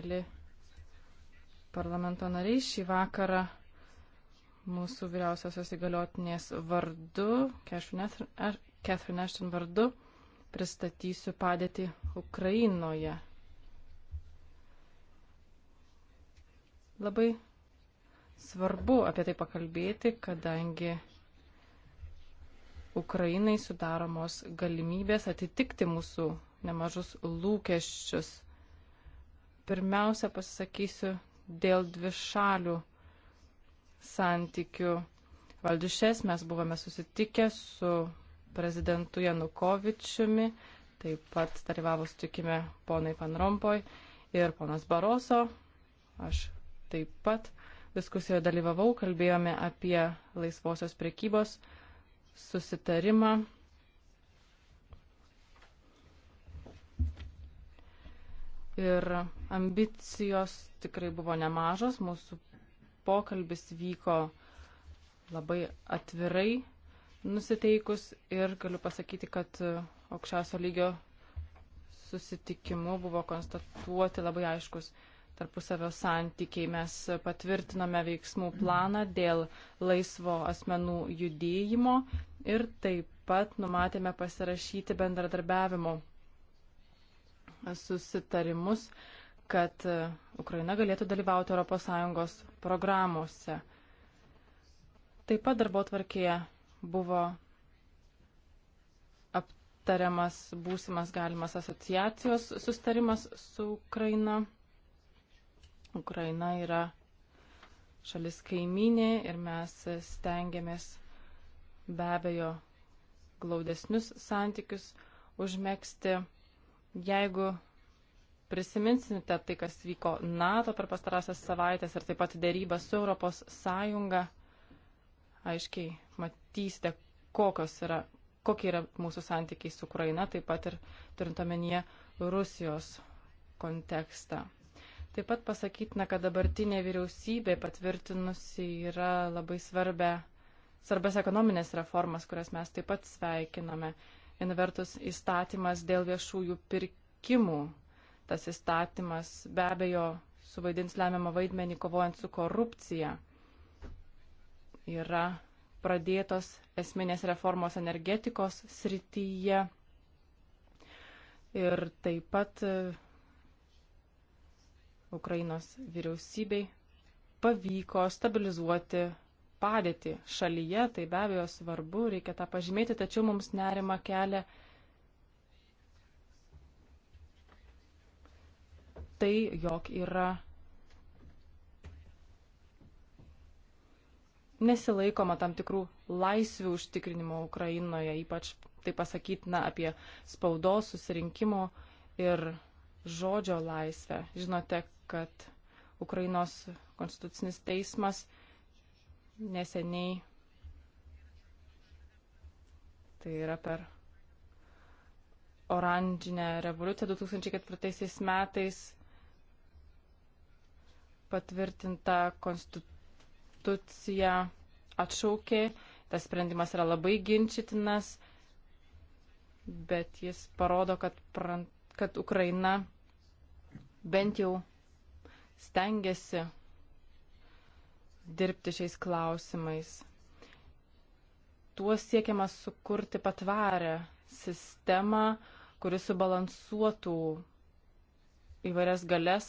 Mėly parlamento nariai, šį vakarą mūsų vyriausiosios įgaliotinės vardu, Catherine Ashton vardu, pristatysiu padėtį Ukrainoje. Labai svarbu apie tai pakalbėti, kadangi Ukrainai sudaromos galimybės atitikti mūsų nemažus lūkesčius Pirmiausia, pasisakysiu dėl dvišalių santykių. Valdišės mes buvome susitikę su prezidentu Janukovičiumi, taip pat dalyvavo sutikime ponai Van Rompoj ir ponas Baroso. Aš taip pat diskusijoje dalyvavau, kalbėjome apie laisvosios prekybos susitarimą ir ambicijos tikrai buvo nemažos. Mūsų pokalbis vyko labai atvirai nusiteikus ir galiu pasakyti, kad aukščiausio lygio susitikimu buvo konstatuoti labai aiškus tarpusavio santykiai. Mes patvirtiname veiksmų planą dėl laisvo asmenų judėjimo ir taip pat numatėme pasirašyti bendradarbiavimo susitarimus, kad e, Ukraina galėtų dalyvauti ES programuose. Taip pat darbo tvarkėje buvo aptariamas būsimas galimas asociacijos sustarimas su Ukraina. Ukraina yra šalis kaiminė ir mes stengiamės be abejo glaudesnius santykius užmėgsti Jeigu prisiminsite tai, kas vyko NATO per pastarąsias savaitės ir taip pat dėrybą su Europos Sąjunga, aiškiai matysite, kokios yra, kokie yra mūsų santykiai su Ukraina, taip pat ir turint omenyje Rusijos kontekstą. Taip pat pasakytina, kad dabartinė vyriausybė patvirtinusi yra labai svarbę, svarbės ekonominės reformas, kurias mes taip pat sveikiname. Viena vertus įstatymas dėl viešųjų pirkimų. Tas įstatymas be abejo suvaidins lemiamą vaidmenį kovojant su korupcija. Yra pradėtos esminės reformos energetikos srityje. Ir taip pat e, Ukrainos vyriausybei pavyko stabilizuoti padėtį šalyje, tai be abejo svarbu, reikia tą pažymėti, tačiau mums nerima kelia tai, jog yra nesilaikoma tam tikrų laisvių užtikrinimo Ukrainoje, ypač tai pasakytina apie spaudos susirinkimo ir žodžio laisvę. Žinote, kad Ukrainos konstitucinis teismas neseniai, tai yra per oranžinę revoliuciją 2004 metais patvirtinta konstitucija atšaukė. Tas sprendimas yra labai ginčytinas, bet jis parodo, kad, prant, kad Ukraina bent jau stengiasi dirbti šiais klausimais. Tuo siekiama sukurti patvarę sistemą, kuris subalansuotų įvairias galės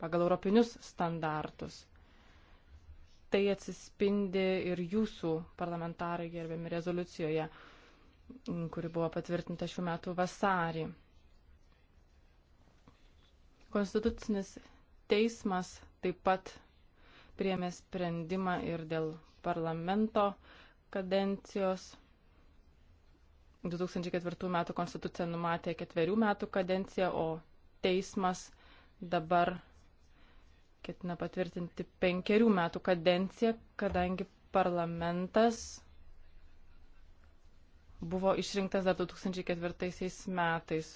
pagal europinius standartus. Tai atsispindi ir jūsų parlamentarai gerbiami rezoliucijoje, kuri buvo patvirtinta šių metų vasarį. Konstitucinis teismas taip pat priemė sprendimą ir dėl parlamento kadencijos. 2004 metų konstitucija numatė ketverių metų kadenciją, o teismas dabar ketina patvirtinti penkerių metų kadenciją, kadangi parlamentas buvo išrinktas dar 2004 metais.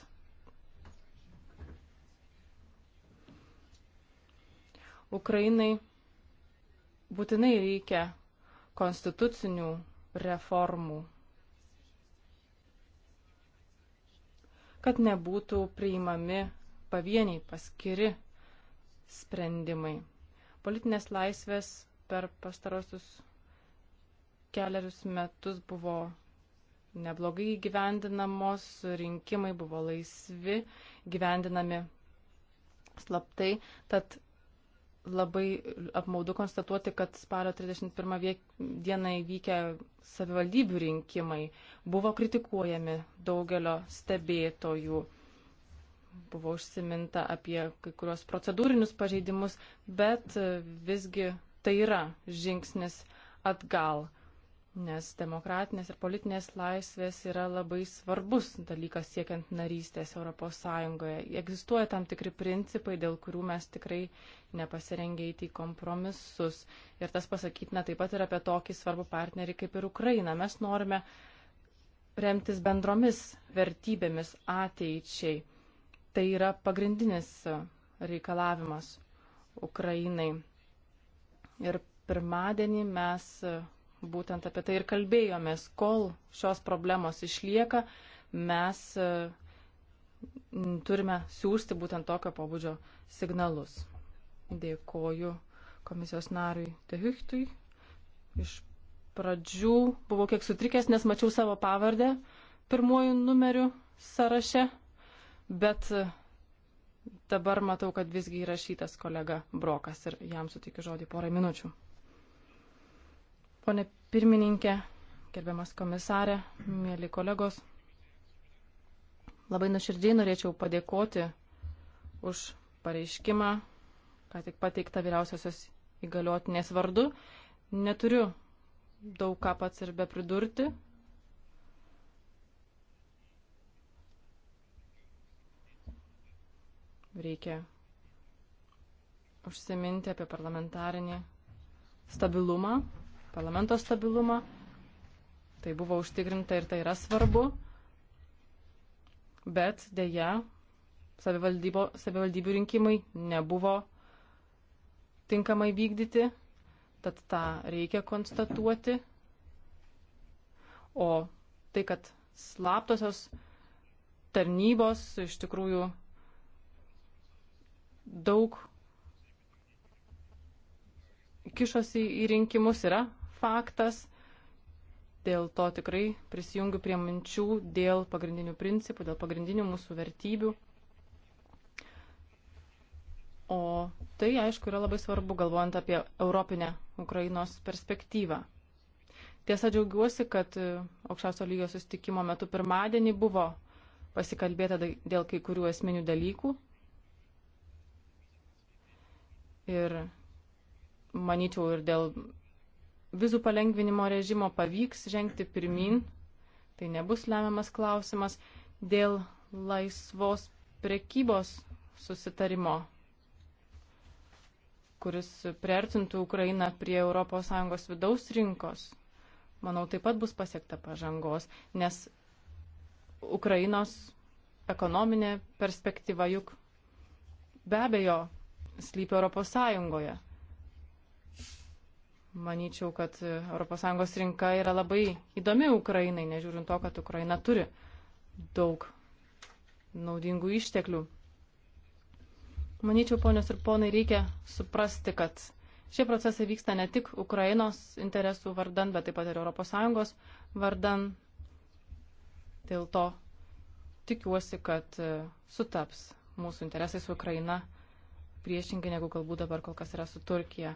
Ukrainai būtinai reikia konstitucinių reformų, kad nebūtų priimami pavieniai paskiri sprendimai. Politinės laisvės per pastarosius keliarius metus buvo neblogai gyvendinamos, rinkimai buvo laisvi, gyvendinami slaptai, tad labai apmaudu konstatuoti, kad spalio 31 dieną įvykę savivaldybių rinkimai buvo kritikuojami daugelio stebėtojų. Buvo užsiminta apie kai kurios procedūrinius pažeidimus, bet visgi tai yra žingsnis atgal nes demokratinės ir politinės laisvės yra labai svarbus dalykas siekiant narystės Europos Sąjungoje. Egzistuoja tam tikri principai, dėl kurių mes tikrai nepasirengę įti kompromisus. Ir tas pasakytina taip pat ir apie tokį svarbų partnerį kaip ir Ukraina. Mes norime remtis bendromis vertybėmis ateičiai. Tai yra pagrindinis reikalavimas Ukrainai. Ir pirmadienį mes būtent apie tai ir kalbėjomės. Kol šios problemos išlieka, mes e, turime siūsti būtent tokio pobūdžio signalus. Dėkoju komisijos nariui Tehichtui. Iš pradžių buvau kiek sutrikęs, nes mačiau savo pavardę pirmojų numerių sąraše, bet e, dabar matau, kad visgi įrašytas kolega Brokas ir jam sutikiu žodį porą minučių. Pone pirmininkė, gerbiamas komisarė, mėly kolegos, labai nuoširdžiai norėčiau padėkoti už pareiškimą, ką tik pateikta vyriausiosios įgaliotinės vardu. Neturiu daug ką pats ir be pridurti. Reikia užsiminti apie parlamentarinį stabilumą parlamento stabilumą. Tai buvo užtikrinta ir tai yra svarbu. Bet dėja, savivaldybių rinkimai nebuvo tinkamai vykdyti, tad tą reikia konstatuoti. O tai, kad slaptosios tarnybos iš tikrųjų daug kišosi į rinkimus yra faktas. Dėl to tikrai prisijungiu prie minčių dėl pagrindinių principų, dėl pagrindinių mūsų vertybių. O tai, aišku, yra labai svarbu, galvojant apie europinę Ukrainos perspektyvą. Tiesa, džiaugiuosi, kad aukščiausio lygio sustikimo metu pirmadienį buvo pasikalbėta dėl kai kurių esminių dalykų. Ir manyčiau ir dėl vizų palengvinimo režimo pavyks žengti pirmin, tai nebus lemiamas klausimas dėl laisvos prekybos susitarimo, kuris priartintų Ukrainą prie ES vidaus rinkos. Manau, taip pat bus pasiekta pažangos, nes Ukrainos ekonominė perspektyva juk be abejo slypi ES Manyčiau, kad ES rinka yra labai įdomi Ukrainai, nežiūrint to, kad Ukraina turi daug naudingų išteklių. Manyčiau, ponios ir ponai, reikia suprasti, kad šie procesai vyksta ne tik Ukrainos interesų vardan, bet taip pat ir ES vardan. Dėl to tikiuosi, kad e, sutaps mūsų interesai su Ukraina priešingai negu galbūt dabar kol kas yra su Turkija.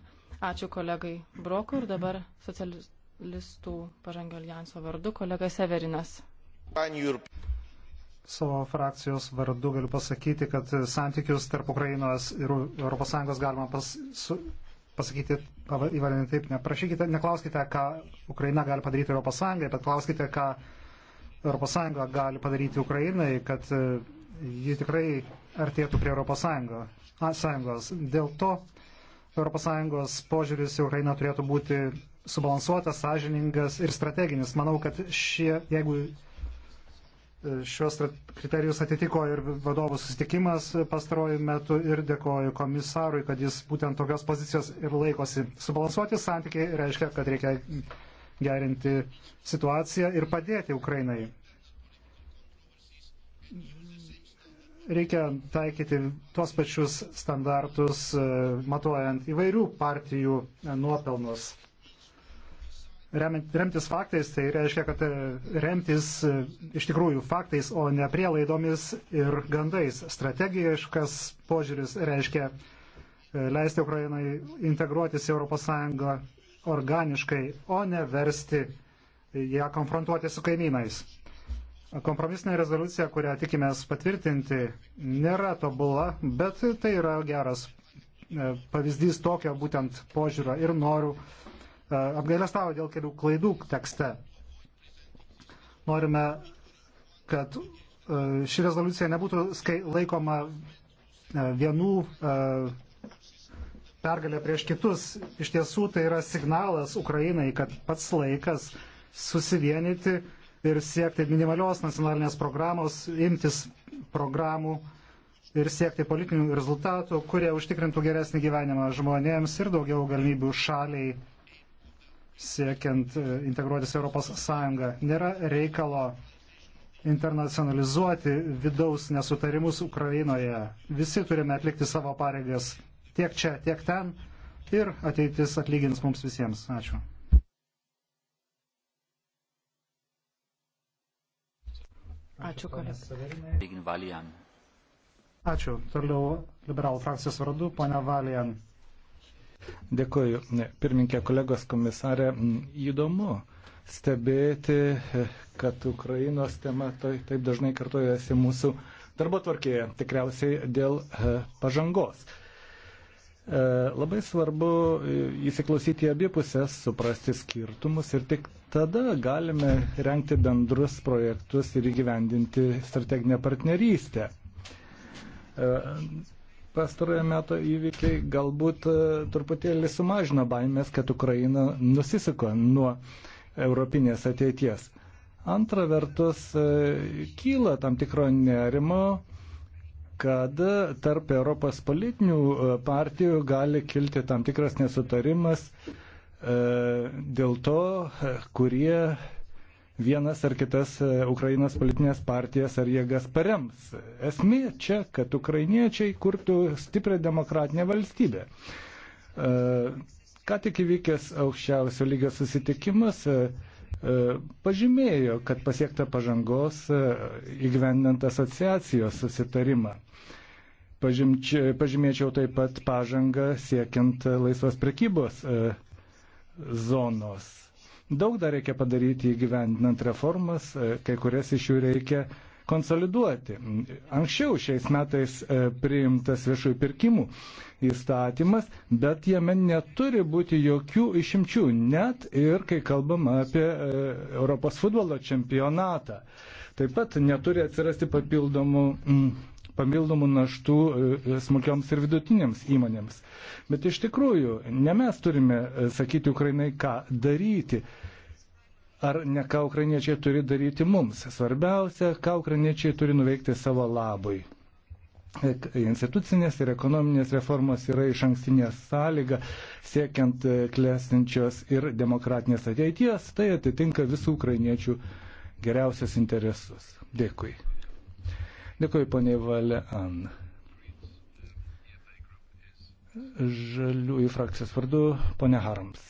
Ačiū kolegai Brokui ir dabar socialistų pažangio alijanso vardu kolega Severinas. Savo frakcijos vardu galiu pasakyti, kad santykius tarp Ukrainos ir ES galima pas, su, pasakyti, įvardinti taip, neprašykite, neklauskite, ką Ukraina gali padaryti Europos Sąjungai, bet klauskite, ką Europos Sąjunga gali padaryti Ukrainai, kad e, ji tikrai artėtų prie Europos Sąjungos. Dėl to ES požiūris į Ukrainą turėtų būti subalansuotas, sąžiningas ir strateginis. Manau, kad šie, jeigu e, šios kriterijus atitiko ir vadovų susitikimas pastarojų metų ir dėkoju komisarui, kad jis būtent tokios pozicijos ir laikosi. Subalansuoti santykiai reiškia, kad reikia gerinti situaciją ir padėti Ukrainai reikia taikyti tuos pačius standartus, e, matuojant įvairių partijų e, nuopelnus. Remtis faktais, tai reiškia, kad e, remtis iš tikrųjų faktais, o ne prielaidomis ir gandais. Strategiškas požiūris reiškia leisti Ukrainai integruotis į ES organiškai, o ne versti ją konfrontuoti su kaimynais. Kompromisinė rezoliucija, kurią tikimės patvirtinti, nėra tobula, bet tai yra geras e, pavyzdys tokio būtent požiūrio ir noriu e, apgailestavo dėl kelių klaidų tekste. Norime, kad e, ši rezoliucija nebūtų laikoma vienų pergalė prieš kitus. Iš tiesų tai yra signalas Ukrainai, kad pats laikas susivienyti ir siekti minimalios nacionalinės programos, imtis programų ir siekti politinių rezultatų, kurie užtikrintų geresnį gyvenimą žmonėms ir daugiau galimybių šaliai siekiant e, integruotis Europos Sąjungą. Nėra reikalo internacionalizuoti vidaus nesutarimus Ukrainoje. Visi turime atlikti savo pareigas tiek čia, tiek ten ir ateitis atlygins mums visiems. Ačiū. Ačiū, kolega. Ačiū. Toliau liberalų frakcijos vardu, ponia Valijan. Dėkuoju, pirminkė kolegos komisarė. Įdomu stebėti, kad Ukrainos tema tai taip dažnai kartojasi mūsų darbo tvarkėje, tikriausiai dėl e, pažangos. E, labai svarbu e, įsiklausyti abi pusės, suprasti skirtumus ir tik tada galime renkti bendrus projektus ir įgyvendinti strateginę partnerystę. E, pastarojo meto įvykiai galbūt truputėlį sumažino baimės, kad Ukraina nusisuko nuo europinės ateities. Antra vertus, kyla tam tikro nerimo kad tarp Europos politinių e, partijų gali kilti tam tikras nesutarimas e, dėl to, e, kurie vienas ar kitas Ukrainos politinės partijas ar jėgas parems. Esmė čia, kad ukrainiečiai kurtų stiprią demokratinę valstybę. Ką tik įvykęs aukščiausio lygio susitikimas pažymėjo, kad pasiekta pažangos įgyvendinant asociacijos susitarimą. Pažymči, pažymėčiau taip pat pažangą siekiant laisvos prekybos e, zonos. Daug dar reikia padaryti įgyvendinant reformas, e, kai kurias iš jų reikia konsoliduoti. Anksčiau šiais metais e, priimtas viešųjų pirkimų įstatymas, bet jame neturi būti jokių išimčių, net ir kai kalbama apie e, Europos futbolo čempionatą. Taip pat neturi atsirasti papildomų. Mm, papildomų naštų e, e, smulkioms ir vidutinėms įmonėms. Bet iš tikrųjų, ne mes turime e, sakyti Ukrainai, ką daryti. Ar ne ką ukrainiečiai turi daryti mums? Svarbiausia, ką ukrainiečiai turi nuveikti savo labui institucinės ir ekonominės reformos yra iš ankstinė sąlyga siekiant klestinčios ir demokratinės ateities, tai atitinka visų ukrainiečių geriausias interesus. Dėkui. Dėkuoju, ponė Valean. Žaliųjų frakcijos vardu, ponė Harams.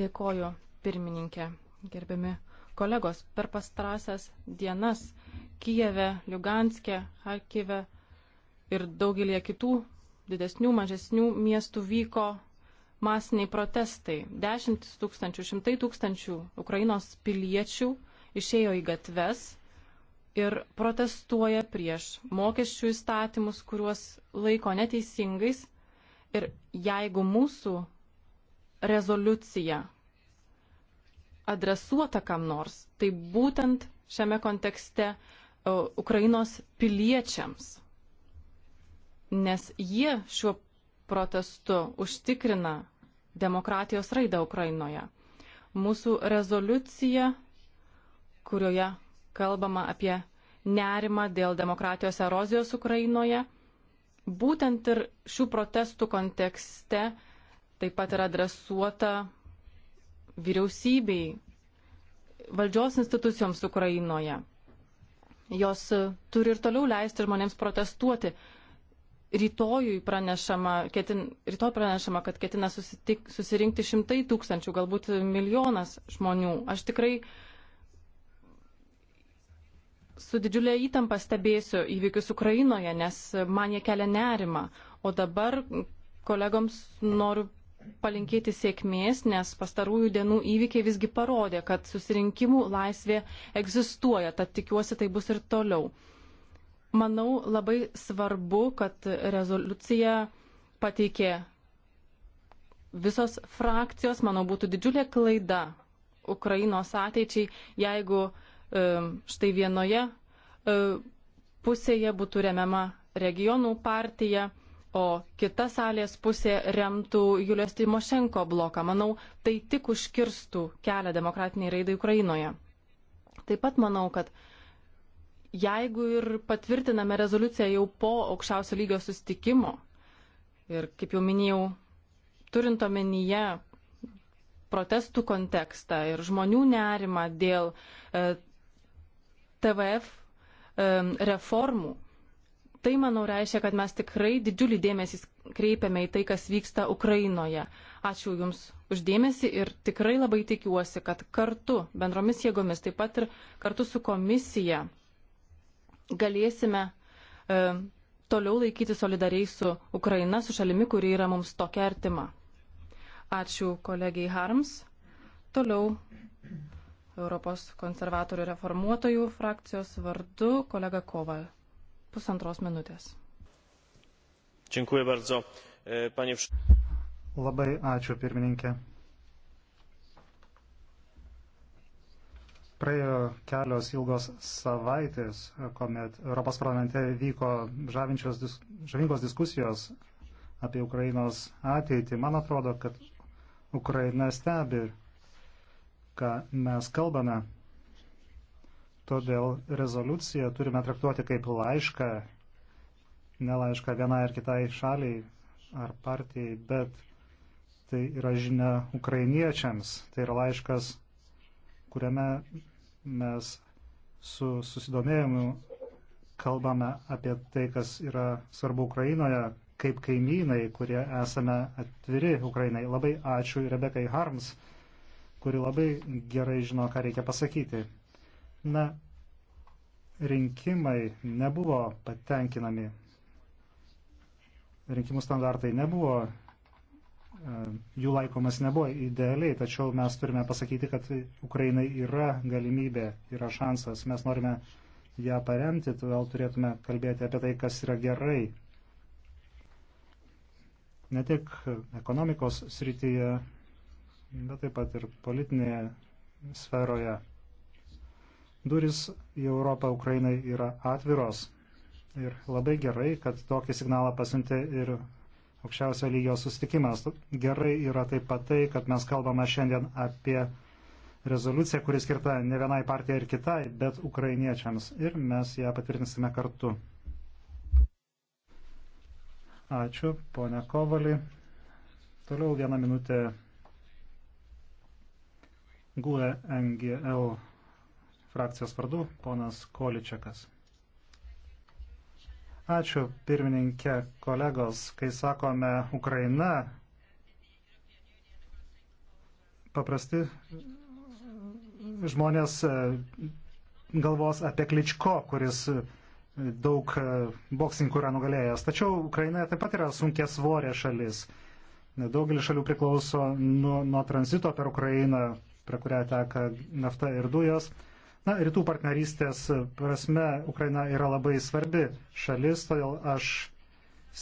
Dėkoju, pirmininkė, gerbiami kolegos. Per pastarąsias dienas Kijeve, Liuganskė, Harkive ir daugelie kitų didesnių, mažesnių miestų vyko masiniai protestai. Dešimt tūkstančių, šimtai tūkstančių Ukrainos piliečių išėjo į gatves ir protestuoja prieš mokesčių įstatymus, kuriuos laiko neteisingais. Ir jeigu mūsų rezoliucija adresuota kam nors, tai būtent šiame kontekste uh, Ukrainos piliečiams, nes jie šiuo protestu užtikrina demokratijos raidą Ukrainoje. Mūsų rezoliucija, kurioje kalbama apie nerimą dėl demokratijos erozijos Ukrainoje. Būtent ir šių protestų kontekste taip pat yra adresuota vyriausybei, valdžios institucijoms Ukrainoje. Jos turi ir toliau leisti žmonėms protestuoti. Rytojui pranešama, ketin, rytoj pranešama, kad ketina susitik, susirinkti šimtai tūkstančių, galbūt milijonas žmonių. Aš tikrai uh, su didžiulė įtampa stebėsiu įvykius Ukrainoje, nes man jie kelia nerimą. O dabar kolegoms noriu palinkėti sėkmės, nes pastarųjų dienų įvykiai visgi parodė, kad susirinkimų laisvė egzistuoja, tad tikiuosi tai bus ir toliau. Manau labai svarbu, kad rezoliucija pateikė visos frakcijos, manau būtų didžiulė klaida Ukrainos ateičiai, jeigu uh, E, štai vienoje e, pusėje būtų remiama regionų partija, o kita salės pusė remtų Julius Timošenko bloką. Manau, tai tik užkirstų kelią demokratiniai raidai Ukrainoje. Taip pat manau, kad jeigu ir patvirtiname rezoliuciją jau po aukščiausio lygio sustikimo ir, kaip jau minėjau, turint omenyje protestų kontekstą ir žmonių nerimą dėl e, TVF reformų. Tai, manau, reiškia, kad mes tikrai didžiulį dėmesį kreipiame į tai, kas vyksta Ukrainoje. Ačiū Jums uždėmesi ir tikrai labai tikiuosi, kad kartu, bendromis jėgomis, taip pat ir kartu su komisija galėsime e, toliau laikyti solidariai su Ukraina, su šalimi, kuri yra mums tokia artima. Ačiū kolegijai Harms. Toliau Europos konservatorių reformuotojų frakcijos vardu kolega Koval. Pusantros minutės. Dziękuję bardzo, e, panie... Labai ačiū, pirmininkė. Praėjo kelios ilgos savaitės, kuomet Europos parlamente vyko dis, žavingos diskusijos apie Ukrainos ateitį. Man atrodo, kad Ukraina stebi ką mes kalbame. Todėl rezoliuciją turime traktuoti kaip laišką, ne laišką vienai ar kitai šaliai ar partijai, bet tai yra žinia ukrainiečiams, tai yra laiškas, kuriame mes su susidomėjimu kalbame apie tai, kas yra svarbu Ukrainoje, kaip kaimynai, kurie esame atviri Ukrainai. Labai ačiū Rebekai Harms kuri labai gerai žino, ką reikia pasakyti. Na, rinkimai nebuvo patenkinami. Rinkimų standartai nebuvo, e, jų laikomas nebuvo idealiai, tačiau mes turime pasakyti, kad Ukrainai yra galimybė, yra šansas. Mes norime ją paremti, todėl turėtume kalbėti apie tai, kas yra gerai. Ne tik ekonomikos srityje, bet taip pat ir politinėje sferoje. Duris į Europą Ukrainai yra atviros. Ir labai gerai, kad tokį signalą pasiuntė ir aukščiausio lygio susitikimas. Gerai yra taip pat tai, kad mes kalbame šiandien apie rezoliuciją, kuri skirta ne vienai partijai ir kitai, bet ukrainiečiams. Ir mes ją patvirtinsime kartu. Ačiū, ponia Kovali. Toliau vieną minutę GUE NGL frakcijos vardu ponas Količiakas. Ačiū pirmininkė kolegos, kai sakome Ukraina, paprasti žmonės e, galvos apie Kličko, kuris e, daug e, boksininkų yra nugalėjęs. Tačiau Ukraina taip pat yra sunkia svorė šalis. Daugelis šalių priklauso nuo, nuo tranzito per Ukrainą, prie kurią teka nafta ir dujos. Na, rytų partnerystės prasme Ukraina yra labai svarbi šalis, todėl aš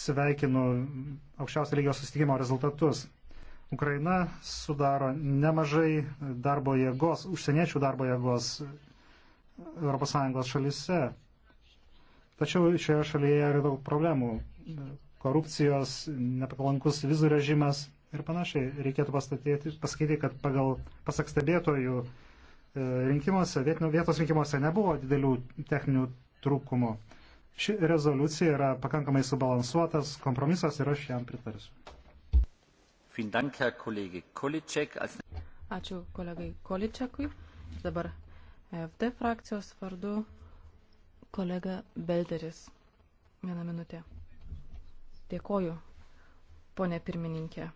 sveikinu aukščiausio lygio susitikimo rezultatus. Ukraina sudaro nemažai darbo jėgos, užsieniečių darbo jėgos ES šalise. Tačiau šioje šalyje yra daug problemų. Korupcijos, nepalankus vizų režimas, ir panašiai. Reikėtų pasakyti, kad pagal pasak stebėtojų e, rinkimuose, vietos rinkimuose nebuvo didelių techninių trūkumų. Ši rezoliucija yra pakankamai subalansuotas kompromisas ir aš jam pritarsiu. Ačiū kolegai Količekui. Dabar FD frakcijos vardu kolega Belderis. Vieną minutę. Dėkoju, ponė pirmininkė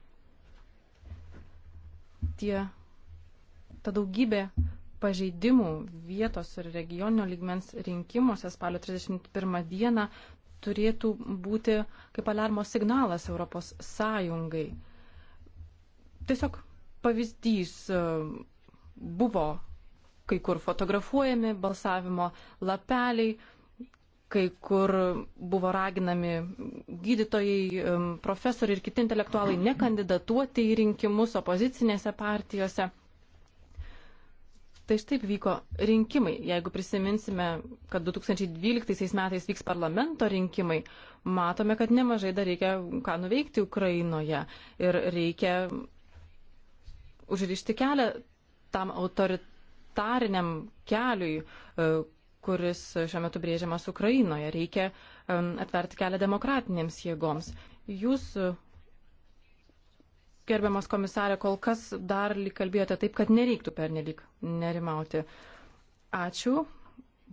tie, ta daugybė pažeidimų vietos ir regioninio lygmens rinkimuose spalio 31 dieną turėtų būti kaip alarmo signalas Europos Sąjungai. Tiesiog pavyzdys e, buvo kai kur fotografuojami balsavimo lapeliai kai kur buvo raginami gydytojai, profesoriai ir kiti intelektualai nekandidatuoti į rinkimus opozicinėse partijose. Tai štaip vyko rinkimai. Jeigu prisiminsime, kad 2012 metais vyks parlamento rinkimai, matome, kad nemažai dar reikia ką nuveikti Ukrainoje ir reikia užrišti kelią tam autoritariniam keliui, e, kuris šiuo metu brėžiamas Ukrainoje. Reikia atverti kelią demokratinėms jėgoms. Jūs, gerbiamas komisarė, kol kas dar kalbėjote taip, kad nereiktų pernelik nerimauti. Ačiū.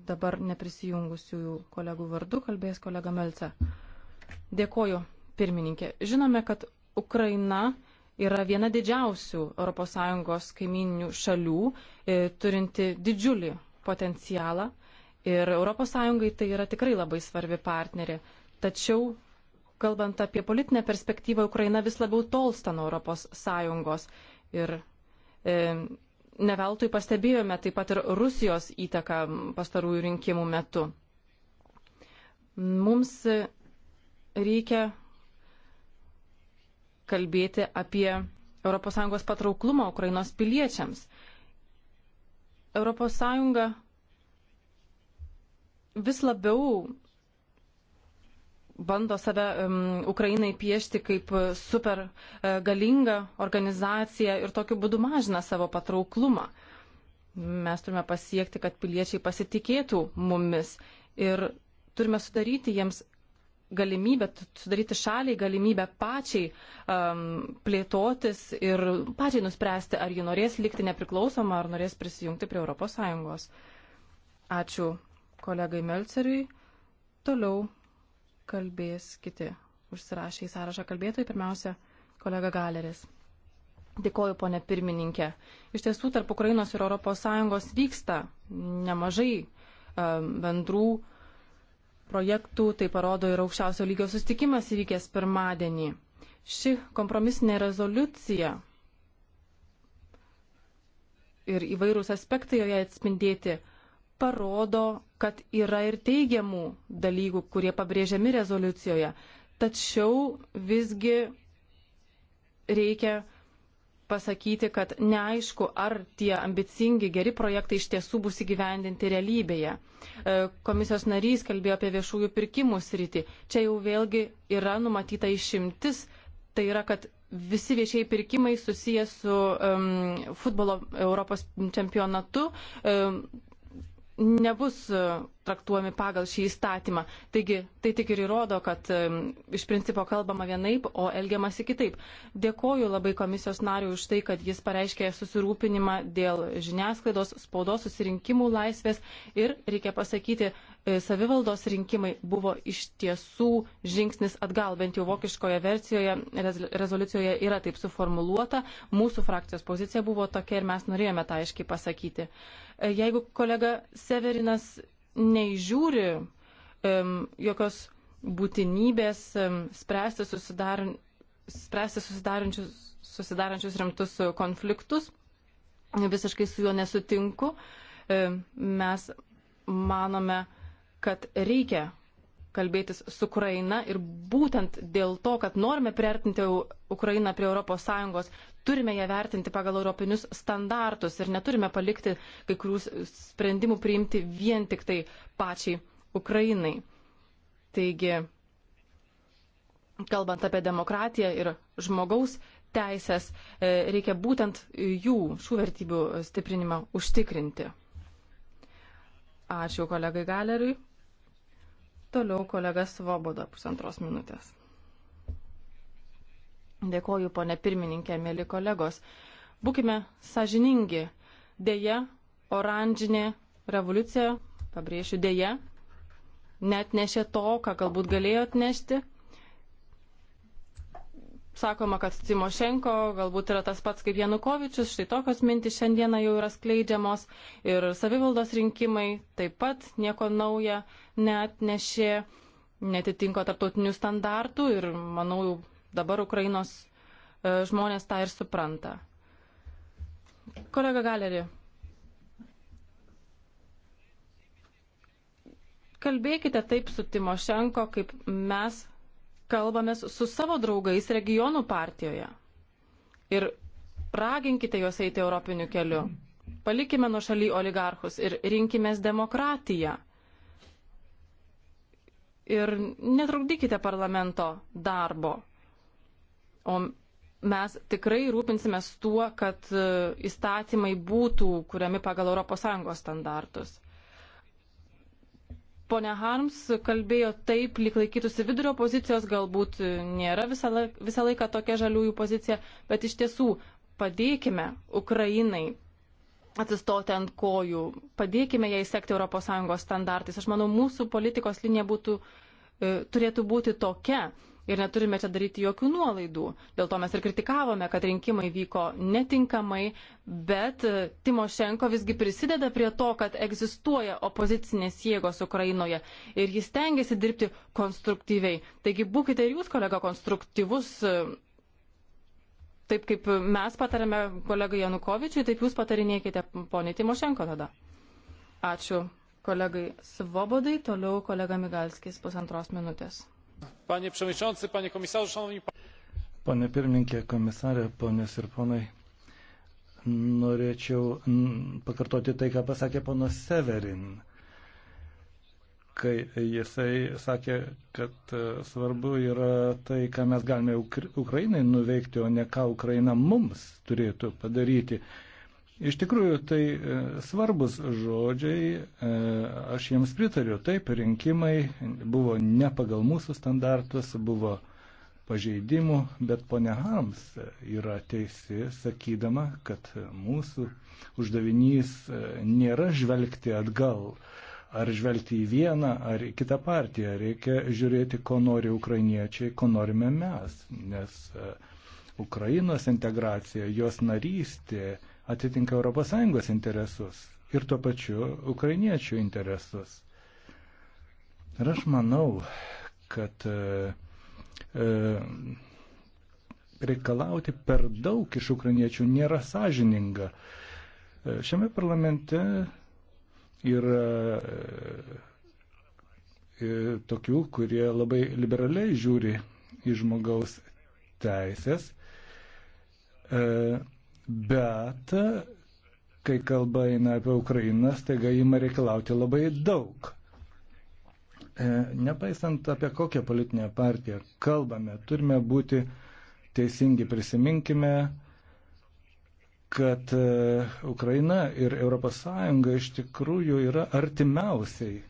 Dabar neprisijungusių kolegų vardu kalbės kolega Melce. Dėkoju, pirmininkė. Žinome, kad Ukraina yra viena didžiausių ES kaiminių šalių, e, turinti didžiulį potencialą. Ir ES tai yra tikrai labai svarbi partnerė. Tačiau, kalbant apie politinę perspektyvą, Ukraina vis labiau tolsta nuo ES. Ir e, neveltui pastebėjome taip pat ir Rusijos įtaką pastarųjų rinkimų metu. Mums reikia kalbėti apie ES patrauklumą Ukrainos piliečiams. ES vis labiau bando save um, Ukrainai piešti kaip e, super uh, galingą organizaciją ir tokiu būdu mažina savo patrauklumą. Mes turime pasiekti, kad piliečiai pasitikėtų mumis ir turime sudaryti jiems galimybę, sudaryti šaliai galimybę pačiai um, plėtotis ir pačiai nuspręsti, ar ji norės likti nepriklausoma, ar norės prisijungti prie ES. Ačiū kolegai Melceriui. Toliau kalbės kiti užsirašę į sąrašą kalbėtojai, pirmiausia, kolega Galeris. Dėkoju, ponė pirmininkė. Iš tiesų, tarp Ukrainos ir ES vyksta nemažai um, bendrų projektų, tai parodo ir aukščiausio lygio sustikimas įvykęs pirmadienį. Ši kompromisinė rezoliucija ir įvairūs aspektai joje atspindėti parodo, kad yra ir teigiamų dalykų, kurie pabrėžiami rezoliucijoje. Tačiau visgi reikia pasakyti, kad neaišku, ar tie ambicingi geri projektai iš tiesų bus įgyvendinti realybėje. E, komisijos narys kalbėjo apie viešųjų pirkimų sritį. Čia jau vėlgi yra numatyta išimtis. Tai yra, kad visi viešieji pirkimai susijęs su um, futbolo Europos čempionatu um, nebus e, traktuojami pagal šį įstatymą. Taigi tai tik ir įrodo, kad e, iš principo kalbama vienaip, o elgiamasi kitaip. Dėkoju labai komisijos nariui už tai, kad jis pareiškė susirūpinimą dėl žiniasklaidos, spaudos susirinkimų laisvės ir, reikia pasakyti, E, savivaldos rinkimai buvo iš tiesų žingsnis atgal, bent jau vokiškoje versijoje, rezoliucijoje yra taip suformuluota. Mūsų frakcijos pozicija buvo tokia ir mes norėjome tą aiškiai pasakyti. E, jeigu kolega Severinas neižiūri um, jokios būtinybės um, spręsti, susidar, spręsti susidarančius, susidarančius rimtus konfliktus, visiškai su juo nesutinku. Um, mes manome, kad reikia kalbėtis su Ukraina ir būtent dėl to, kad norime priartinti Ukrainą prie ES, turime ją vertinti pagal europinius standartus ir neturime palikti kai kurių sprendimų priimti vien tik tai pačiai Ukrainai. Taigi, kalbant apie demokratiją ir žmogaus teisės, e, reikia būtent jų, šių vertybių stiprinimą užtikrinti. Ačiū kolegai Galeriui. Toliau kolega Svoboda pusantros minutės. Dėkoju, ponė pirmininkė, mėly kolegos. Būkime sažiningi. Deja, oranžinė revoliucija, pabrėšiu, deja, net nešė to, ką galbūt galėjo atnešti. Sakoma, kad Timošenko galbūt yra tas pats kaip Janukovičius, štai tokios mintys šiandieną jau yra skleidžiamos ir savivaldos rinkimai taip pat nieko nauja neatnešė, netitinko tarptautinių standartų ir manau dabar Ukrainos e, žmonės tą ir supranta. Kolega Galeri, kalbėkite taip su Timošenko, kaip mes kalbamės su savo draugais regionų partijoje. Ir raginkite juos eiti europiniu keliu. Palikime nuo šaly oligarchus ir rinkimės demokratiją. Ir netrukdykite parlamento darbo. O mes tikrai rūpinsimės tuo, kad e, įstatymai būtų kuriami pagal ES standartus ponia Harms kalbėjo taip, lyg laikytųsi vidurio pozicijos, galbūt nėra visą laiką, visą laiką tokia žaliųjų pozicija, bet iš tiesų padėkime Ukrainai atsistoti ant kojų, padėkime jai sekti ES standartais. Aš manau, mūsų politikos linija būtų, e, turėtų būti tokia, ir neturime čia daryti jokių nuolaidų. Dėl to mes ir kritikavome, kad rinkimai vyko netinkamai, bet Timošenko visgi prisideda prie to, kad egzistuoja opozicinės jėgos Ukrainoje ir jis tengiasi dirbti konstruktyviai. Taigi būkite ir jūs, kolega, konstruktyvus. Taip kaip mes patarėme kolegai Janukovičiui, taip jūs patarinėkite ponį Timošenko tada. Ačiū kolegai Svobodai, toliau kolega Migalskis pusantros minutės. Panie Przewodniczący, Panie Komisarzu, Szanowni Państwo. Pane pirmininkė, komisarė, ponios ir ponai, norėčiau pakartoti tai, ką pasakė ponas Severin, kai jisai sakė, kad e, svarbu yra tai, ką mes galime Ukrainai nuveikti, o ne ką Ukraina mums turėtų padaryti. Iš tikrųjų, tai e, svarbus žodžiai, e, aš jiems pritariu, taip, rinkimai buvo ne pagal mūsų standartus, buvo pažeidimų, bet ponia Harms yra teisi, sakydama, kad mūsų uždavinys e, nėra žvelgti atgal, ar žvelgti į vieną ar į kitą partiją, reikia žiūrėti, ko nori ukrainiečiai, ko norime mes, nes Ukrainos integracija, jos narystė, atitinka ES interesus ir tuo pačiu ukrainiečių interesus. Ir aš manau, kad e, e reikalauti per daug iš ukrainiečių nėra sąžininga. E, šiame parlamente yra e, tokių, kurie labai liberaliai žiūri į žmogaus teisės bet kai kalba eina apie Ukrainą, staiga ima reikalauti labai daug. E, nepaisant apie kokią politinę partiją kalbame, turime būti teisingi, prisiminkime, kad e, Ukraina ir ES iš tikrųjų yra artimiausiai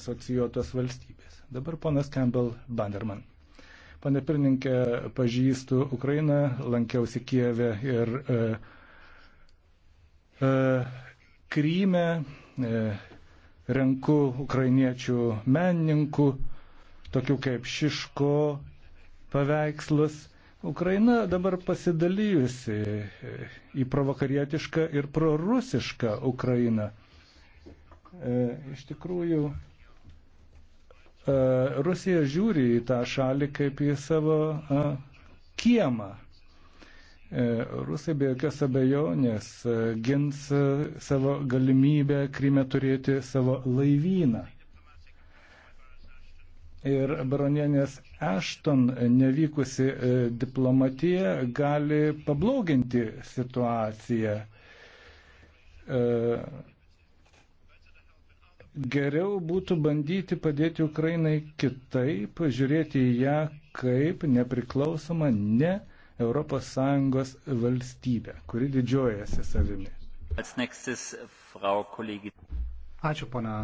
asocijuotos valstybės. Dabar ponas Campbell Banderman. Pane pirmininkė, pažįstu Ukrainą, lankiausi Kieve ir e, e, Kryme, e, renku ukrainiečių menininkų, tokių kaip Šiško paveikslus. Ukraina dabar pasidalijusi e, į provakarietišką ir prorusišką Ukrainą. E, iš tikrųjų, E, Rusija žiūri į tą šalį kaip į savo e, kiemą. E, Rusai be jokios abejonės gins savo galimybę Kryme turėti savo laivyną. Ir baronienės Ashton nevykusi diplomatija gali pabloginti situaciją. Geriau būtų bandyti padėti Ukrainai kitaip, žiūrėti į ją kaip nepriklausomą ne ES valstybę, kuri didžiuojasi savimi. Ačiū, pana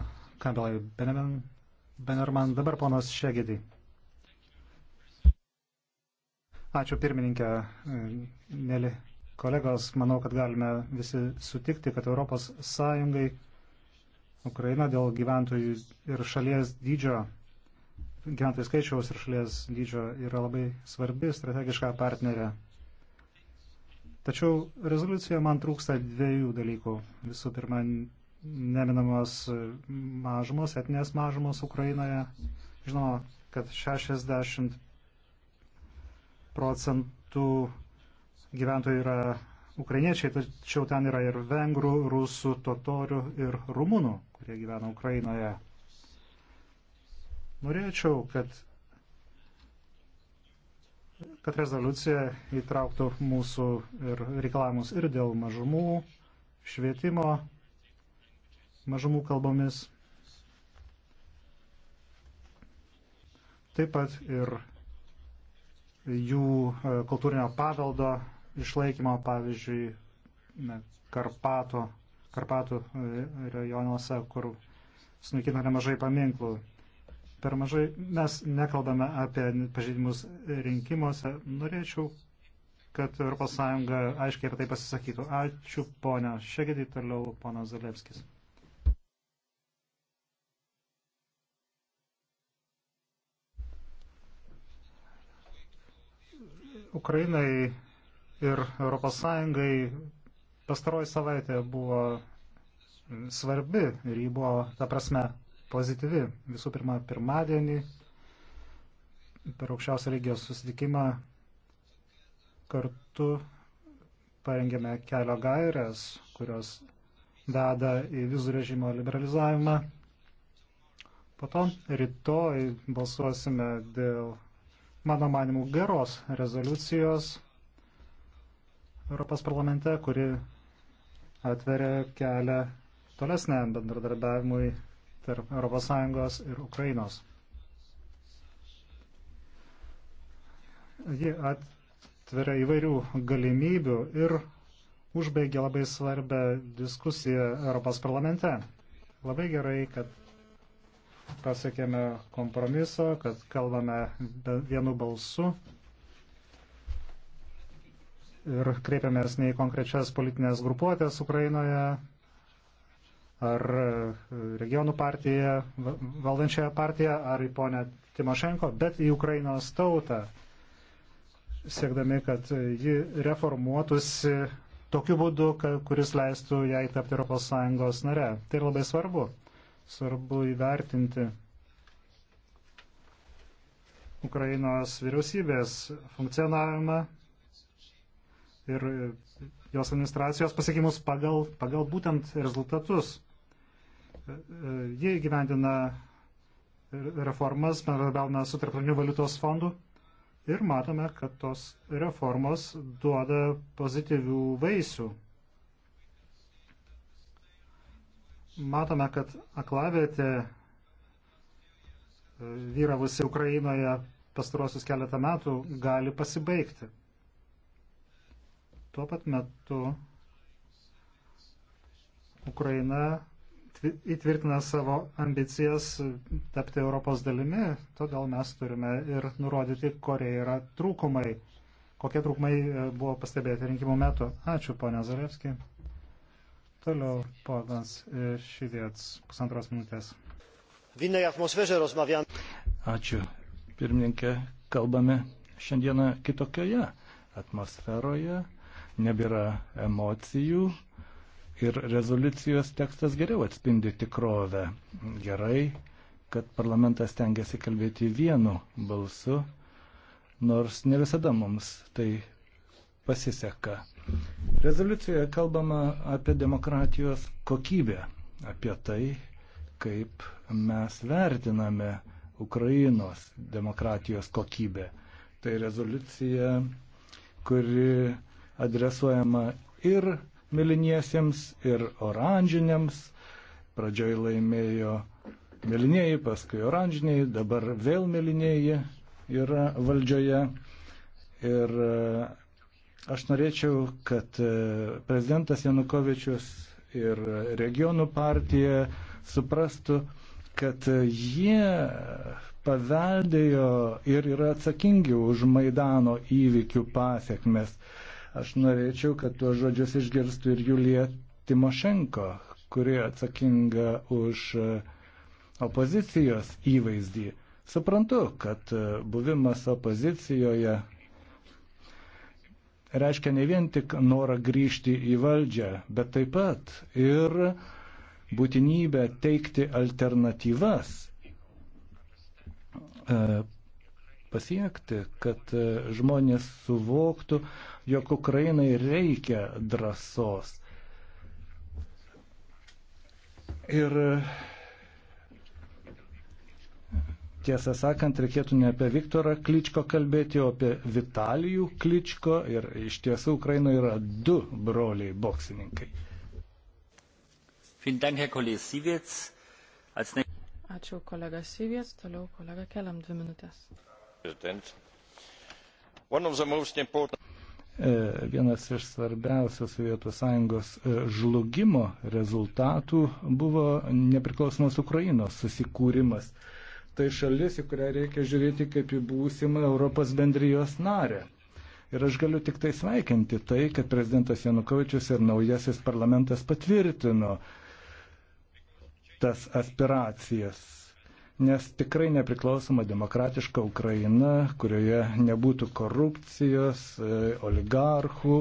Kabelai Benerman. Dabar ponas Šegedį. Ačiū pirmininkė, mėly kolegos. Manau, kad galime visi sutikti, kad ES Ukrainą dėl gyventojų ir šalies dydžio, gyventojų skaičiaus ir šalies dydžio yra labai svarbi strategiška partnerė. Tačiau rezoliucijoje man trūksta dviejų dalykų. Visų pirma, neminamos mažumos, etinės mažumos Ukrainoje. Žinoma, kad 60 procentų gyventojų yra ukrainiečiai, tačiau ten yra ir vengrų, rusų, totorių ir rumunų kurie gyvena Ukrainoje. Norėčiau, kad, kad rezoliucija įtrauktų mūsų ir reikalavimus ir dėl mažumų, švietimo, mažumų kalbomis, taip pat ir jų e, kultūrinio paveldo išlaikymo, pavyzdžiui, Karpato Karpatų e, rajonuose, kur sunaikinta nemažai paminklų. Per mažai mes nekalbame apie pažeidimus rinkimuose. Norėčiau, kad ES aiškiai apie tai pasisakytų. Ačiū, ponia. Šiekėdį toliau, ponas Zalevskis. Ukrainai ir ES Pastaroji savaitė buvo svarbi ir ji buvo, ta prasme, pozityvi. Visų pirma, pirmadienį per aukščiausią lygijos susitikimą kartu parengėme kelio gairias, kurios veda į vizų režimo liberalizavimą. Po to rytoj balsuosime dėl, mano manimų, geros rezoliucijos Europos parlamente, kuri atveria kelią tolesniam bendradarbiavimui tarp ES ir Ukrainos. Ji atveria įvairių galimybių ir užbaigė labai svarbę diskusiją Europos parlamente. Labai gerai, kad pasiekėme kompromiso, kad kalbame vienu balsu ir kreipiamės ne į konkrečias politinės grupuotės Ukrainoje ar regionų partiją, valdančiąją partiją ar į ponę Timošenko, bet į Ukrainos tautą, siekdami, kad ji reformuotųsi tokiu būdu, kad, kuris leistų jai tapti ES nare. Tai labai svarbu. Svarbu įvertinti Ukrainos vyriausybės funkcionavimą ir e, jos administracijos pasiekimus pagal, pagal būtent rezultatus. E, e, Jie įgyvendina reformas, bendradarbiauna su tarptautiniu valiutos fondu ir matome, kad tos reformos duoda pozityvių vaisių. Matome, kad aklavietė vyravusi Ukrainoje pastarosius keletą metų gali pasibaigti. Tuo pat metu Ukraina įtvirtina savo ambicijas tapti Europos dalimi, todėl mes turime ir nurodyti, kurie yra trūkumai, kokie trūkumai e, buvo pastebėti rinkimų metu. Ačiū, ponia Zarevski. Toliau ponas e, Šydėts, pusantros minutės. Vinai atmosferė rozmaviam. Ačiū, pirmininkė. Kalbame šiandieną kitokioje atmosferoje nebėra emocijų ir rezoliucijos tekstas geriau atspindi tikrovę. Gerai, kad parlamentas tengiasi kalbėti vienu balsu, nors ne visada mums tai pasiseka. Rezoliucijoje kalbama apie demokratijos kokybę, apie tai, kaip mes vertiname Ukrainos demokratijos kokybę. Tai rezoliucija, kuri adresuojama ir meliniesiems, ir oranžiniams. Pradžioj laimėjo melinieji, paskui oranžiniai, dabar vėl melinieji yra valdžioje. Ir e, aš norėčiau, kad e, prezidentas Janukovičius ir regionų partija suprastų, kad jie paveldėjo ir yra atsakingi už Maidano įvykių pasiekmes. Aš norėčiau, kad tuos žodžius išgirstų ir Julija Timošenko, kuri atsakinga už e, opozicijos įvaizdį. Suprantu, kad e, buvimas opozicijoje reiškia ne vien tik norą grįžti į valdžią, bet taip pat ir būtinybę teikti alternatyvas e, pasiekti, kad e, žmonės suvoktų, jog Ukrainai reikia drąsos. Ir tiesą sakant, reikėtų ne apie Viktorą Kličko kalbėti, o apie Vitalijų Kličko. Ir iš tiesų Ukrainoje yra du broliai boksininkai. Ačiū kolega Syviets, toliau kolega Keliam dvi minutės. E, vienas iš svarbiausių Sovietų sąjungos e, žlugimo rezultatų buvo nepriklausomos Ukrainos susikūrimas. Tai šalis, į kurią reikia žiūrėti kaip į būsimą Europos bendrijos narę. Ir aš galiu tik tai sveikinti tai, kad prezidentas Janukovičius ir naujasis parlamentas patvirtino tas aspiracijas nes tikrai nepriklausoma demokratiška Ukraina, kurioje nebūtų korupcijos, e, oligarchų,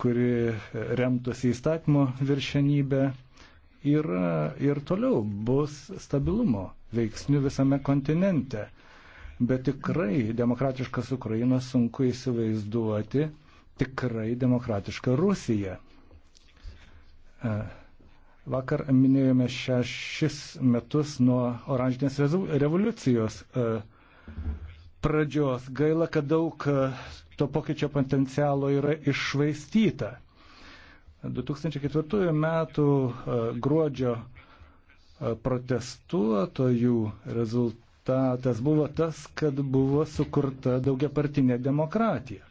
kuri remtųsi įstatymo viršenybę, yra ir toliau bus stabilumo veiksnių visame kontinente. Bet tikrai demokratiškas Ukrainas sunku įsivaizduoti, tikrai demokratiška Rusija. Uh Vakar minėjome šešis metus nuo oranžinės revoliucijos e, pradžios. Gaila, kad daug e, to pokyčio potencialo yra iššvaistyta. 2004 metų e, gruodžio protestuotojų rezultatas buvo tas, kad buvo sukurta daugiapartinė demokratija.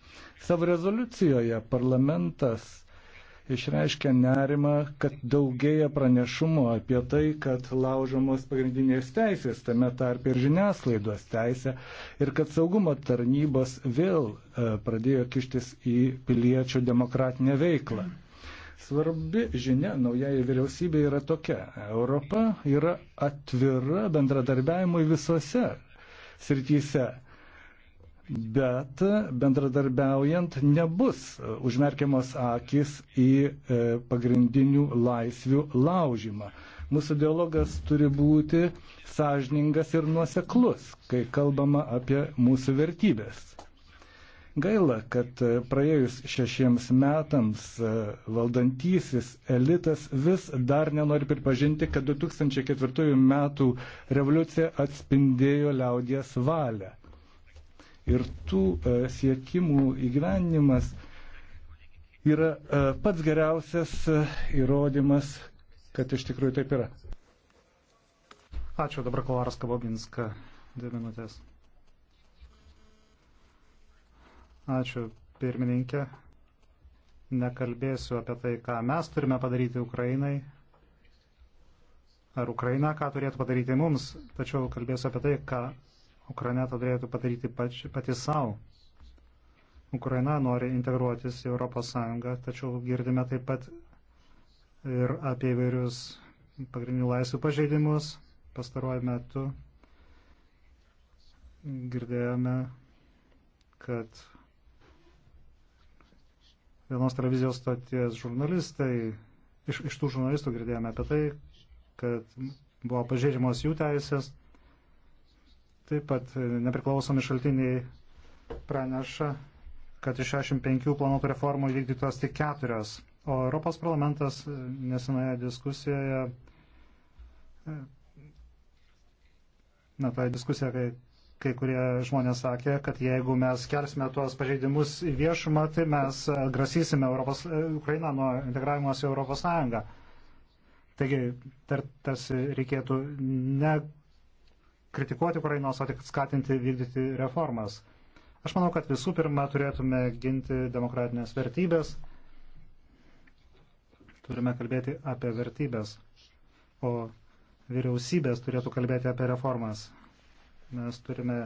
Savo rezoliucijoje parlamentas išreiškia nerimą, kad daugėja pranešumų apie tai, kad laužomos pagrindinės teisės, tame tarp ir žiniasklaidos teisė, ir kad saugumo tarnybos vėl e, pradėjo kištis į piliečių demokratinę veiklą. Svarbi žinia naujai vyriausybė yra tokia. Europa yra atvira bendradarbiavimui visose srityse bet bendradarbiaujant nebus užmerkiamas akis į e, pagrindinių laisvių laužymą. Mūsų dialogas turi būti sąžiningas ir nuoseklus, kai kalbama apie mūsų vertybės. Gaila, kad e, praėjus šešiems metams e, valdantysis elitas vis dar nenori pripažinti, kad 2004 metų revoliucija atspindėjo liaudies valią ir tų e, siekimų įgyvenimas yra e, pats geriausias e, įrodymas, kad iš tikrųjų taip yra. Ačiū dabar Kovaras Kabobinska, dvi minutės. Ačiū pirmininkė. Nekalbėsiu apie tai, ką mes turime padaryti Ukrainai, ar Ukraina, ką turėtų padaryti mums, tačiau kalbėsiu apie tai, ką Ukraina tą turėtų padaryti pati, pati savo. Ukraina nori integruotis į ES, tačiau girdime taip pat ir apie įvairius pagrindinių laisvių pažeidimus pastaruoju metu. Girdėjome, kad vienos televizijos stoties žurnalistai, iš, iš tų žurnalistų girdėjome apie tai, kad buvo pažeidžiamos jų teisės, Taip pat e, nepriklausomi šaltiniai praneša, kad iš 65 planuotų reformų įvykdytos tik keturios. O Europos parlamentas e, nesenoje diskusijoje, e, na, toje diskusijoje, kai, kai kurie žmonės sakė, kad jeigu mes kelsime tuos pažeidimus į viešumą, tai mes grasysime Europos, Ukrainą nuo integravimuose Europos Sąjungą. Taigi, tar, tarsi reikėtų ne kritikuoti Ukrainos, o tik skatinti vykdyti reformas. Aš manau, kad visų pirma turėtume ginti demokratinės vertybės, turime kalbėti apie vertybės, o vyriausybės turėtų kalbėti apie reformas. Mes turime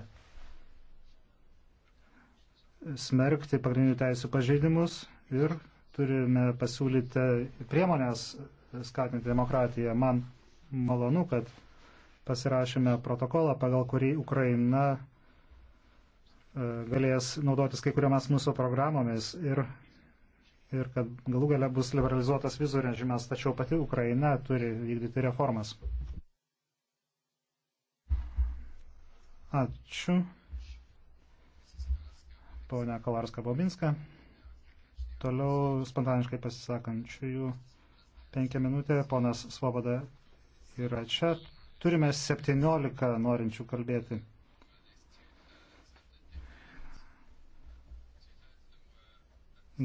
smerkti pagrindinių teisų pažeidimus ir turime pasiūlyti priemonės skatinti demokratiją. Man malonu, kad pasirašėme protokolą, pagal kurį Ukraina e, galės naudotis kai kuriomis mūsų programomis ir, ir kad galų gale bus liberalizuotas vizų režimas, tačiau pati Ukraina turi vykdyti reformas. Ačiū. Pone Kalarska Bobinska. Toliau spontaniškai pasisakančiųjų penkia minutė. Ponas Svoboda yra čia. Turime 17 norinčių kalbėti.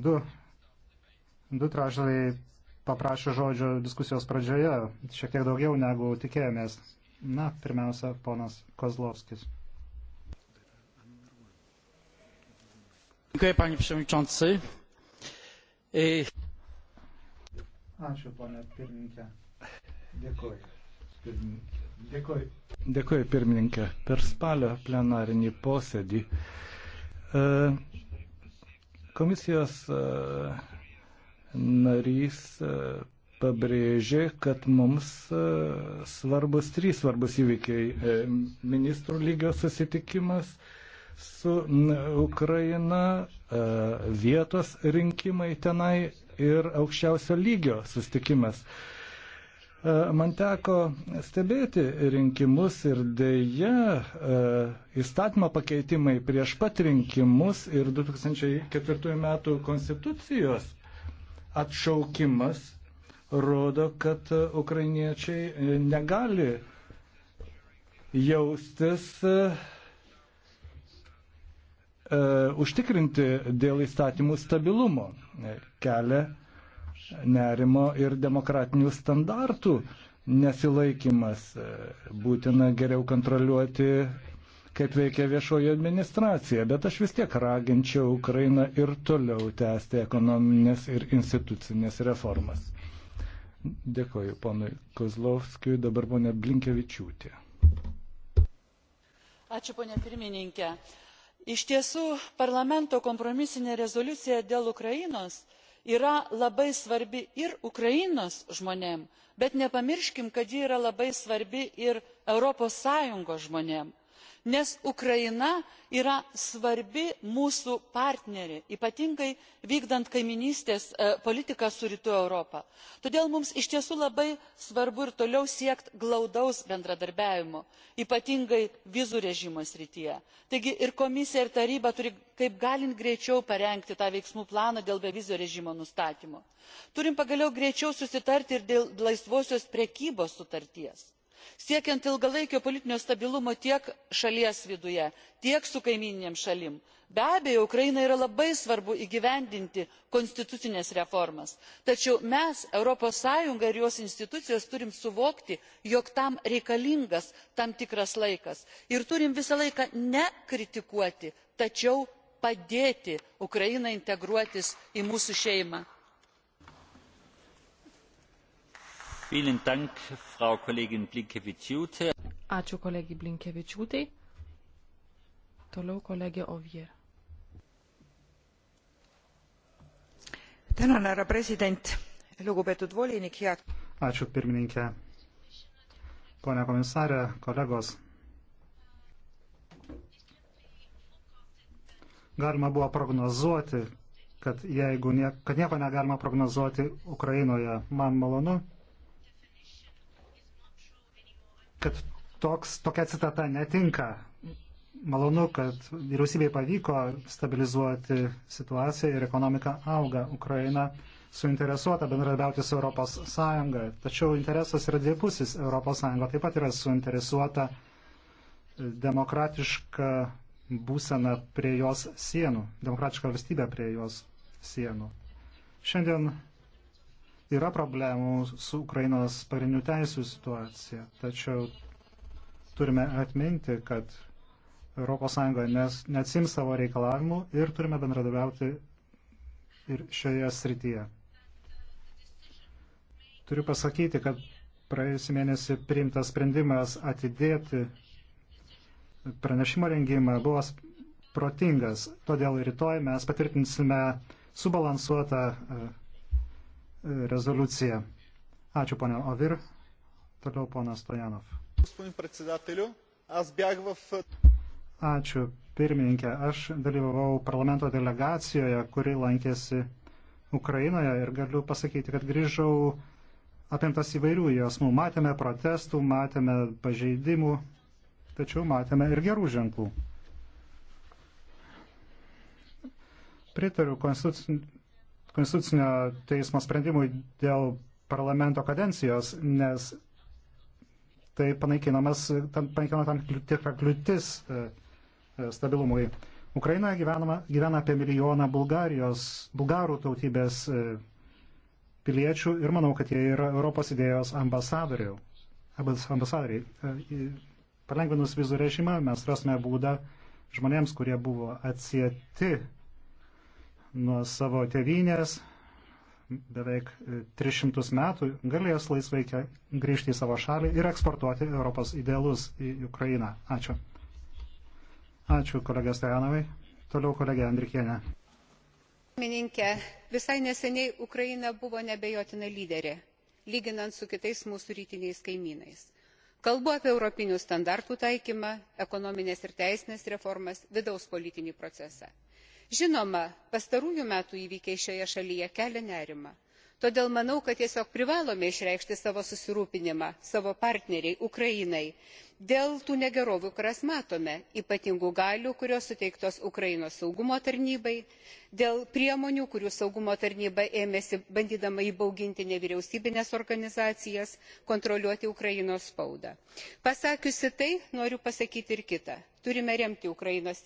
Du, du trašaliai paprašė žodžio diskusijos pradžioje, šiek tiek daugiau negu tikėjomės. Na, pirmiausia, ponas Kozlovskis. Dziękuję panie przewodniczący. E, Ačiū, ponė pirmininkė. Dėkuoju. Pirmininkė. Dėkui. Dėkui, pirmininkė. Per spalio plenarinį posėdį e, komisijos e, narys e, pabrėžė, kad mums svarbus trys svarbus įvykiai - ministrų lygio susitikimas su Ukraina, vietos rinkimai tenai ir aukščiausio lygio susitikimas. E, man teko stebėti rinkimus ir dėja e, įstatymo pakeitimai prieš pat rinkimus ir 2004 metų konstitucijos atšaukimas rodo, kad ukrainiečiai e, negali jaustis užtikrinti dėl įstatymų stabilumo. Kelia nerimo ir demokratinių standartų nesilaikimas. Būtina geriau kontroliuoti, kaip veikia viešoji administracija, bet aš vis tiek raginčiau Ukrainą ir toliau tęsti ekonominės ir institucinės reformas. Dėkoju ponui Kozlovskijui, dabar ponė Blinkevičiūtė. Ačiū ponė pirmininkė. Iš tiesų, parlamento kompromisinė rezoliucija dėl Ukrainos yra labai svarbi ir ukrainos žmonėms bet nepamirškime kad ji yra labai svarbi ir europos sąjungos žmonėms nes ukraina yra svarbi mūsų partnerė ypatingai vykdant kaimynystės e, politiką su rytų europa. todėl mums iš tiesų labai svarbu ir toliau siekti glaudaus bendradarbiavimo ypatingai vizų režimo srityje. taigi ir komisija ir taryba turi kaip galint greičiau parengti tą veiksmų planą dėl bevizio režimo nustatymo. turime pagaliau greičiau susitarti ir dėl laisvosios prekybos sutarties siekiant ilgalaikio politinio stabilumo tiek šalies viduje tiek su kaimyninėmis šalimis be abejo ukrainai yra labai svarbu įgyvendinti konstitucines reformas tačiau mes europos sąjunga ir jos institucijos turime suvokti jog tam reikalingas tam tikras laikas ir turime visą laiką ne kritikuoti tačiau padėti ukrainai integruotis į mūsų šeimą. Ačiū kolegijai Blinkevičiūtai. Toliau kolegė Ovier. Tänan, härra president, lugupeetud volinik, head. Ačiū pirmininkė. Pone komisarė, kolegos. Galima buvo prognozuoti, kad jeigu nie, kad nieko negalima prognozuoti Ukrainoje, man malonu, kad toks, tokia citata netinka. Malonu, kad vyriausybei pavyko stabilizuoti situaciją ir ekonomika auga. Ukraina suinteresuota bendradarbiauti su ES, tačiau interesas yra dvipusis. ES taip pat yra suinteresuota demokratiška būsena prie jos sienų, demokratiška valstybė prie jos sienų. Šiandien Yra problemų su Ukrainos parinių teisų situacija, tačiau turime atminti, kad ES nes, neatsims savo reikalavimų ir turime bendradabiauti ir šioje srityje. Turiu pasakyti, kad praėjusį mėnesį priimtas sprendimas atidėti pranešimo rengimą buvo protingas, todėl rytoj mes patvirtinsime subalansuotą e, rezoliuciją. Ačiū, ponio Ovir. Toliau ponas Stojanov. Ačiū, pirmininkė. Aš dalyvavau parlamento delegacijoje, kuri lankėsi Ukrainoje ir galiu pasakyti, kad grįžau apimtas įvairių jausmų. Matėme protestų, matėme pažeidimų, tačiau matėme ir gerų ženklų. Pritariu konstitucinių konstitucinio teismo sprendimui dėl parlamento kadencijos, nes tai panaikinamas, tam, panaikinama tam tikra kliūtis e, e, stabilumui. Ukrainoje gyvenama, gyvena apie milijoną Bulgarijos, bulgarų tautybės e, piliečių ir manau, kad jie yra Europos idėjos ambasadoriai. ambasadoriai. Palengvinus vizų režimą mes rasme būdą žmonėms, kurie buvo atsieti nuo savo tėvynės beveik 300 metų galės laisvai grįžti į savo šalį ir eksportuoti Europos idealus į Ukrainą. Ačiū. Ačiū kolegė Stojanovai. Toliau kolegė Andrikienė. Mininkė, visai neseniai Ukraina buvo nebejotina lyderė, lyginant su kitais mūsų rytiniais kaimynais. Kalbu apie europinių standartų taikymą, ekonominės ir teisinės reformas, vidaus politinį procesą žinoma pastarųjų metų įvykiai šioje šalyje kelia nerimą todėl manau kad tiesiog privalome išreikšti savo susirūpinimą savo partnerei ukrainai dėl tų negerovių kurias matome ypatingų galių kurios suteiktos ukrainos saugumo tarnybai dėl priemonių kurių saugumo tarnyba ėmėsi bandydama įbauginti nevyriausybines organizacijas kontroliuoti ukrainos spaudą. pasakiusi tai noriu pasakyti ir kita turime remti ukrainos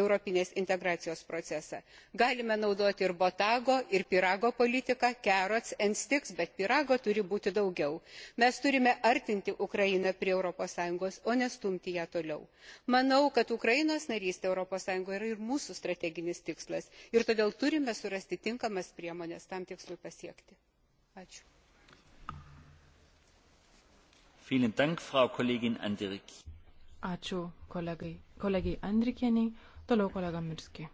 europinės integracijos procesą. galime naudoti ir botago ir pyrago politiką carrots and sticks bet pyrago turi būti daugiau. mes turime artinti ukrainą prie europos sąjungos o ne stumti ją toliau. manau kad ukrainos narystė europos sąjungoje yra ir mūsų strateginis tikslas ir todėl turime surasti tinkamas priemones tam tikslui pasiekti. ačiū. Ačiū kolegai, kolegai Andrikieniai. Toliau kolega Mirski.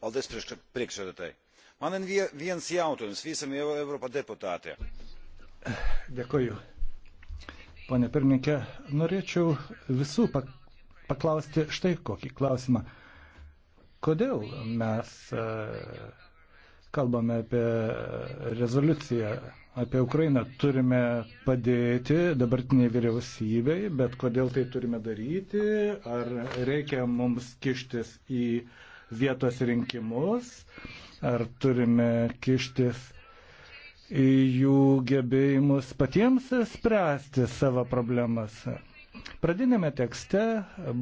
Paldies priekšsēdētāji. Man ir viens jautājums visam Eiropa deputātiem. Dėkoju. Pone pirmininkė, norėčiau visų paklausti štai kokį klausimą. Kodėl mes e, kalbame apie rezoliuciją apie Ukrainą turime padėti dabartiniai vyriausybei, bet kodėl tai turime daryti, ar reikia mums kištis į vietos rinkimus, ar turime kištis į jų gebėjimus patiems spręsti savo problemas. Pradinėme tekste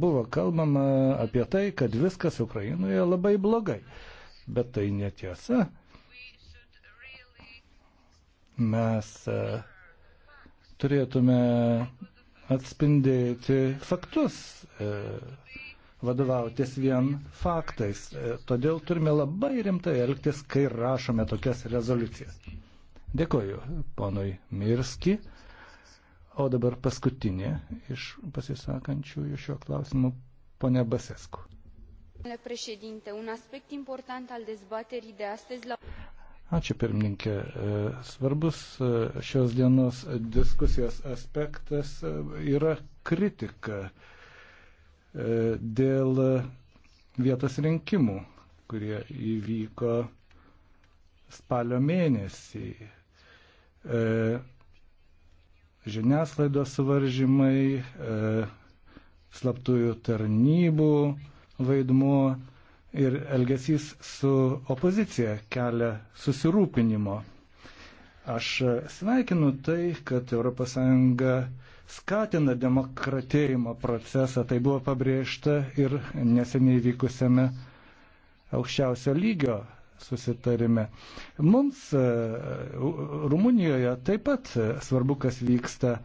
buvo kalbama apie tai, kad viskas Ukrainoje labai blogai, bet tai netiesa mes e, turėtume atspindėti faktus, e, vadovautis vien faktais. E, todėl turime labai rimtai elgtis, kai rašome tokias rezoliucijas. Dėkoju ponui Mirski. O dabar paskutinė iš pasisakančiųjų šio klausimu, ponia Basesku. Un aspect important al dezbaterii de astăzi la... Ačiū pirmininkė. E, svarbus e, šios dienos diskusijos aspektas e, yra kritika dėl vietos rinkimų, kurie įvyko spalio mėnesį. Žiniasklaidos suvaržymai, slaptųjų tarnybų vaidmuo ir elgesys su opozicija kelia susirūpinimo. Aš sveikinu tai, kad ES skatina demokratėjimo procesą. Tai buvo pabrėžta ir neseniai vykusiame aukščiausio lygio susitarime. Mums e, Rumunijoje taip pat svarbu, kas vyksta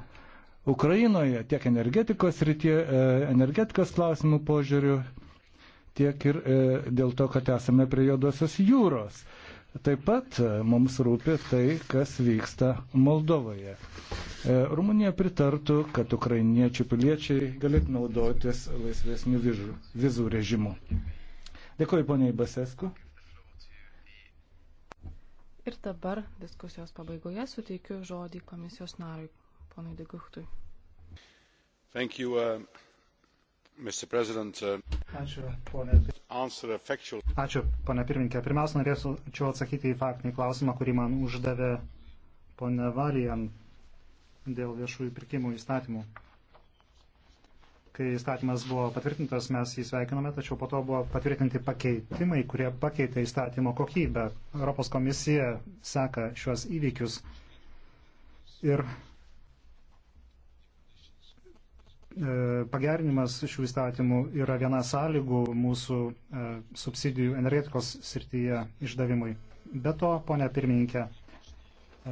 Ukrainoje tiek energetikos rytie, e, energetikos klausimų požiūrių, tiek ir e, dėl to, kad esame prie Jodosios jūros. Taip pat e, mums rūpi tai, kas vyksta Moldovoje. E, Rumunija pritartų, kad ukrainiečių piliečiai galėtų naudotis laisvesnių vizų, vizų režimu. Dėkuoju poniai Basesku. Ir dabar diskusijos pabaigoje suteikiu žodį komisijos nariui, ponui Deguhtui. Thank you, uh... Uh, Ačiū, ponė. Ačiū, ponė pirmininkė. Pirmiausia, norėčiau atsakyti į faktinį klausimą, kurį man uždavė ponė Valijan dėl viešųjų pirkimų įstatymų. Kai įstatymas buvo patvirtintas, mes jį sveikinome, tačiau po to buvo patvirtinti pakeitimai, kurie pakeitė įstatymo kokybę. Europos komisija seka šiuos įvykius ir E, pagerinimas šių įstatymų yra viena sąlygų mūsų e, subsidijų energetikos srityje išdavimui. Be to, ponia pirmininkė,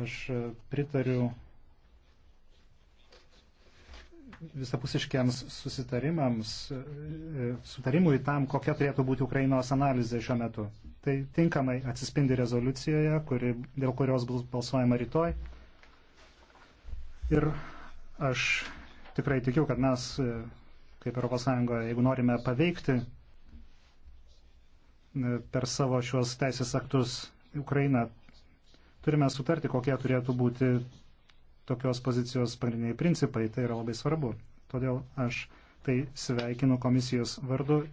aš e, pritariu visapusiškiams susitarimams, sutarimui tam, kokia turėtų būti Ukrainos analizė šiuo metu. Tai tinkamai atsispindi rezoliucijoje, kuri, dėl kurios bus balsuojama rytoj. Ir aš tikrai tikiu, kad mes, e, kaip ES, jeigu norime paveikti e, per savo šios teisės aktus Ukrainą, turime sutarti, kokie turėtų būti tokios pozicijos pagrindiniai principai. Tai yra labai svarbu. Todėl aš tai sveikinu komisijos vardu.